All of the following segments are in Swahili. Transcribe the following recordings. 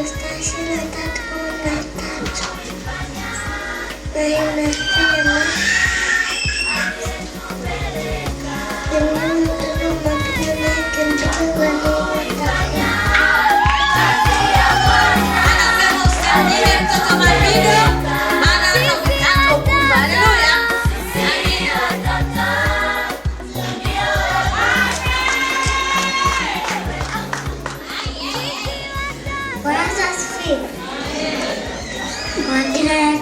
Pistacii lata dwóch lataczów.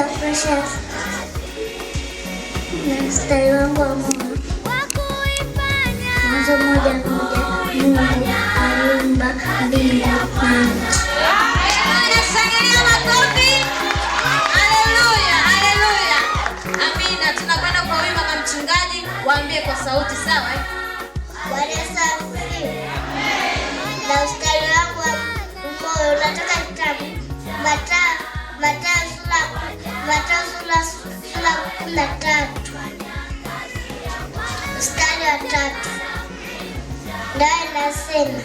Zapraszam na starego mama. Mwanzo moja moja Mungu aliumba mbingu na nchi. Anashangilia makofi. Haleluya, haleluya. Amina. Tunakwenda kwa wima waambie kwa sauti sawa. Eh? Bwana asifiwe. Na ustari wako unatoka kitabu Mathayo Mathayo sura ya kumi tatu mstari wa tatu ndayo inasema,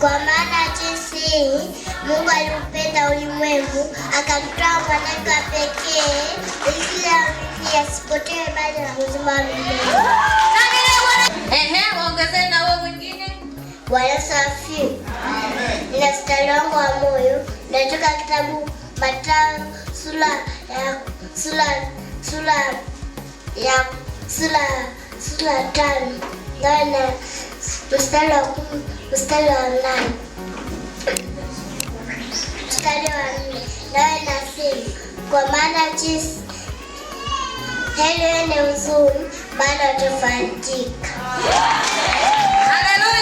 kwa maana jinsi hii Mungu aliupenda ulimwengu akamtoa mwanawe wa pekee, ili kila aminiye asipotee, bali na uzima wa milele. Ehe, waongezee na wao mwingine walasafi. Amen. Ina mstari wangu wa moyo natoka kitabu Mathayo sura eh, ya sura sura ya sura sura ya tano ndani ya mstari wa kumi mstari wa nane mstari wa nne nayo inasema kwa maana jinsi heri wenye huzuni Haleluya!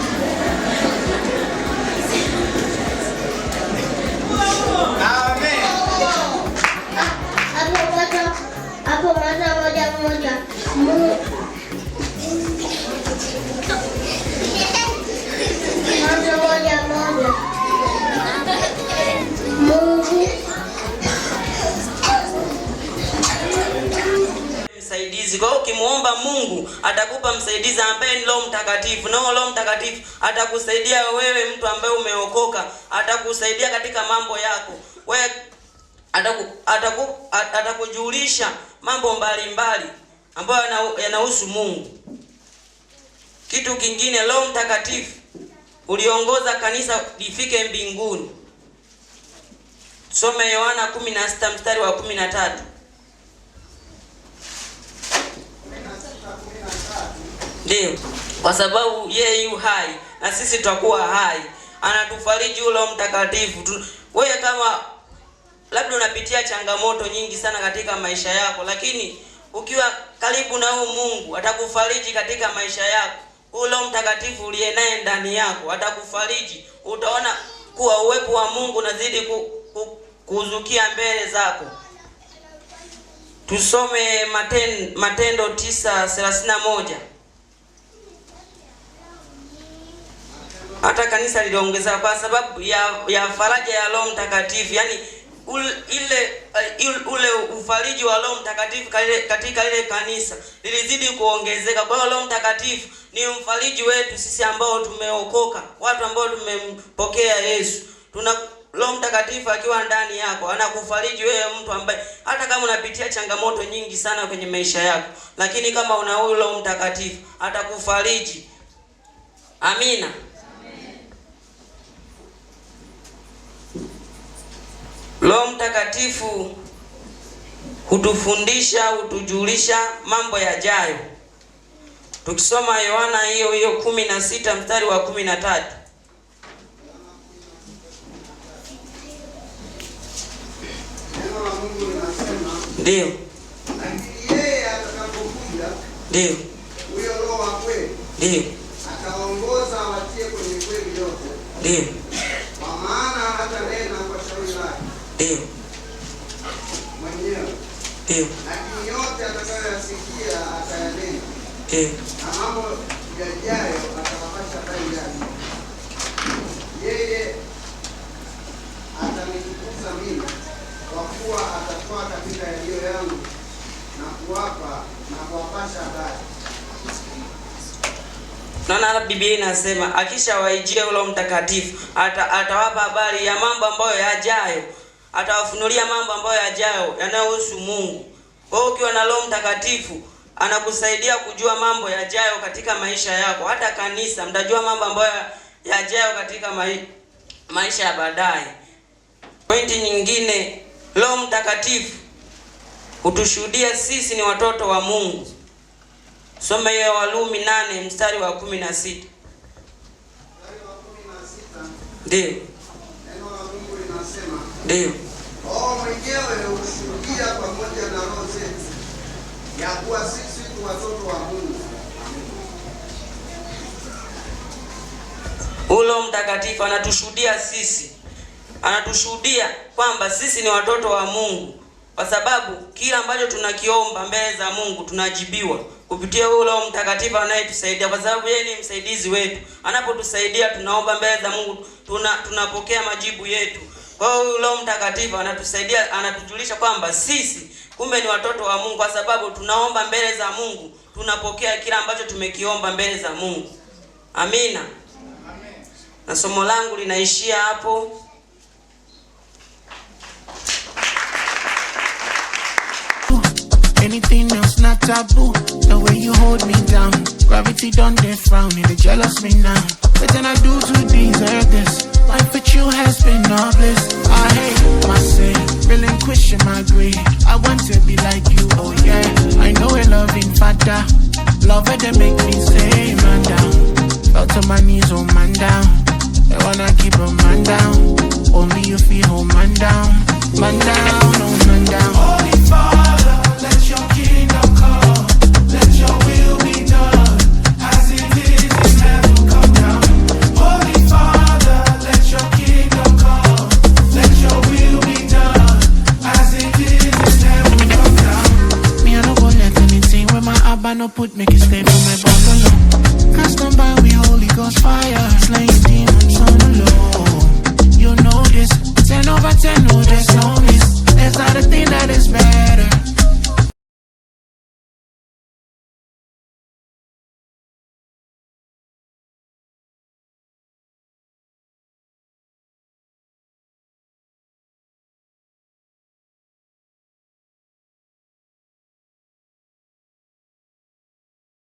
msaidizi. Kwa ukimuomba Mungu atakupa msaidizi ambaye ni Roho Mtakatifu. Nao Roho Mtakatifu atakusaidia wewe, mtu ambaye umeokoka, atakusaidia katika mambo yako wewe atakujulisha ataku, ataku mambo mbalimbali ambayo yanahusu Mungu. Kitu kingine, Roho Mtakatifu uliongoza kanisa lifike mbinguni. Tusome Yohana 16 mstari wa 13. Ndiyo, kwa sababu yeye yu hai na sisi tutakuwa hai, anatufariji Roho Mtakatifu. Wewe kama labda unapitia changamoto nyingi sana katika maisha yako, lakini ukiwa karibu na huyu Mungu atakufariji katika maisha yako. Huyo Mtakatifu uliye naye ndani yako atakufariji, utaona kuwa uwepo wa Mungu unazidi ku, ku, kuzukia mbele zako. Tusome maten, Matendo tisa moja Hata kanisa liliongeza kwa sababu ya, ya faraja ya Roho Mtakatifu, yaani ule, eh, ule ufariji wa Roho Mtakatifu katika ile kanisa lilizidi kuongezeka. Kwa hiyo Roho Mtakatifu ni mfariji wetu sisi ambao tumeokoka, watu ambao tumempokea Yesu. Tuna Roho Mtakatifu akiwa ndani yako anakufariji wewe, mtu ambaye hata kama unapitia changamoto nyingi sana kwenye maisha yako, lakini kama una huyu Roho Mtakatifu atakufariji. Amina. Roho Mtakatifu hutufundisha, hutujulisha mambo yajayo. Tukisoma Yohana hiyo hiyo kumi na sita mstari wa kumi na tatu Ndiyo, ndiyo, ndiyo, yote atakayoyasikia atayanena eh. na mambo yajayo atawapasha habari Yeye atanitukuza mimi, kwa kuwa atatoa katika yaliyo yangu na kuwapa na kuwapasha habari. Naona Biblia inasema akishawaijia Mtakatifu ata, atawapa habari ya mambo ambayo yajayo, atawafunulia mambo ambayo yajayo yanayohusu Mungu. Wewe ukiwa na Roho Mtakatifu anakusaidia kujua mambo yajayo katika maisha yako. Hata kanisa mtajua mambo ambayo yajayo katika mai, maisha ya baadaye. Pointi nyingine, Roho Mtakatifu hutushuhudia sisi ni watoto wa Mungu. Soma hiyo Warumi nane mstari wa kumi na sita. Ndiyo. Ndiyo ya kuwa sisi ni watoto wa Mungu. Ulo mtakatifu anatushuhudia sisi, anatushuhudia kwamba sisi ni watoto wa Mungu, kwa sababu kila ambacho tunakiomba mbele za Mungu tunajibiwa kupitia Roho mtakatifu anayetusaidia, kwa sababu yeye ni msaidizi wetu. Anapotusaidia tunaomba mbele za Mungu, tuna tunapokea majibu yetu. Kwa hiyo Roho mtakatifu anatusaidia, anatujulisha kwamba sisi Kumbe ni watoto wa Mungu, kwa sababu tunaomba mbele za Mungu, tunapokea kila ambacho tumekiomba mbele za Mungu. Amina, Na somo langu linaishia hapo. Anything else not taboo. The way you hold me down. Gravity don't get frown and they jealous me now. What can I do to deserve this? Life with you has been a bliss. I hate myself. Love it, they make me say, man down. Fell to my knees, oh man down. I wanna keep a man down. Only you feel, oh man down, man down. Abba no put me it stay for my bungalow. Cast them by we Holy Ghost fire, slaying demons on the low. You know this, ten over ten, no there's no miss. There's not a thing that is better.